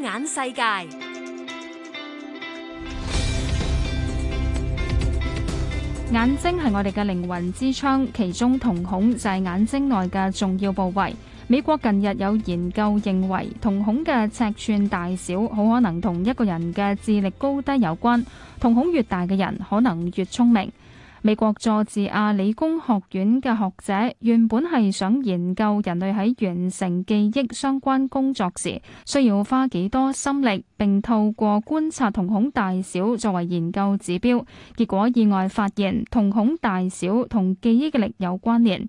眼世界，眼睛係我哋嘅靈魂之窗，其中瞳孔就係眼睛內嘅重要部位。美國近日有研究認為，瞳孔嘅尺寸大小好可能同一個人嘅智力高低有關，瞳孔越大嘅人可能越聰明。美國佐治亞理工學院嘅學者原本係想研究人類喺完成記憶相關工作時需要花幾多心力，並透過觀察瞳孔大小作為研究指標。結果意外發現，瞳孔大小同記憶力有關聯。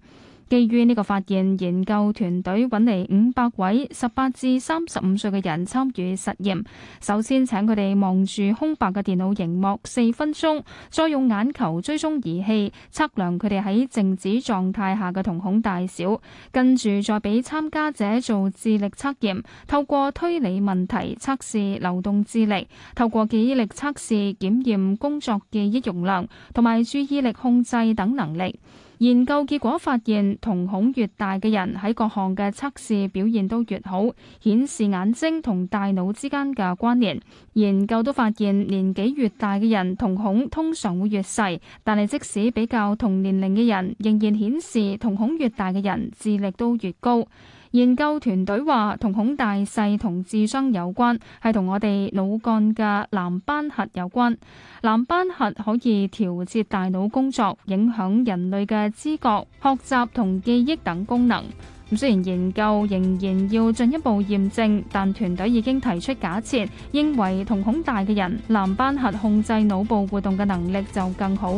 基於呢個發現，研究團隊揾嚟五百位十八至三十五歲嘅人參與實驗。首先請佢哋望住空白嘅電腦螢幕四分鐘，再用眼球追蹤儀器測量佢哋喺靜止狀態下嘅瞳孔大小，跟住再俾參加者做智力測驗，透過推理問題測試流動智力，透過記憶力測試檢驗工作記憶容量同埋注意力控制等能力。研究結果發現，瞳孔越大嘅人喺各項嘅測試表現都越好，顯示眼睛同大腦之間嘅關聯。研究都發現，年紀越大嘅人瞳孔通常會越細，但係即使比較同年齡嘅人，仍然顯示瞳孔越大嘅人智力都越高。研究團隊話，瞳孔大細同智商有關，係同我哋腦幹嘅藍斑核有關。藍斑核可以調節大腦工作，影響人類嘅知覺、學習同記憶等功能。咁雖然研究仍然要進一步驗證，但團隊已經提出假設，認為瞳孔大嘅人，藍斑核控制腦部活動嘅能力就更好。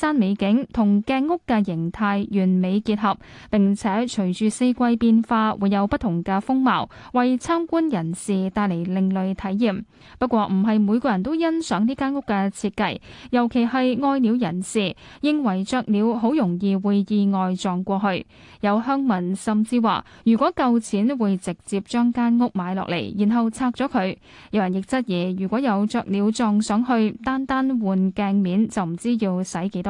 山美景同鏡屋嘅形態完美結合，並且隨住四季變化會有不同嘅風貌，為參觀人士帶嚟另類體驗。不過唔係每個人都欣賞呢間屋嘅設計，尤其係愛鳥人士認為雀鳥好容易會意外撞過去。有鄉民甚至話，如果夠錢會直接將間屋買落嚟，然後拆咗佢。有人亦質疑，如果有雀鳥撞上去，單單換鏡面就唔知要使幾多。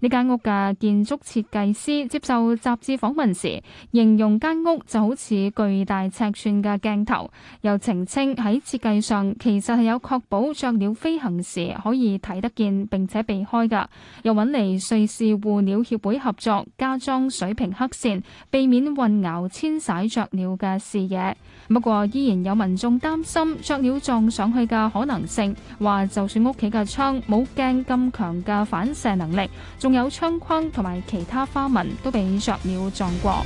呢間屋嘅建築設計師接受雜誌訪問時，形容間屋就好似巨大尺寸嘅鏡頭，又澄清喺設計上其實係有確保雀鳥飛行時可以睇得見並且避開㗎，又揾嚟瑞士護鳥協會合作加裝水平黑線，避免混淆遷徙雀鳥嘅視野。不過依然有民眾擔心雀鳥撞上去嘅可能性，話就算屋企嘅窗冇鏡咁強嘅反射能力。仲有窗框同埋其他花紋都俾雀鳥撞過。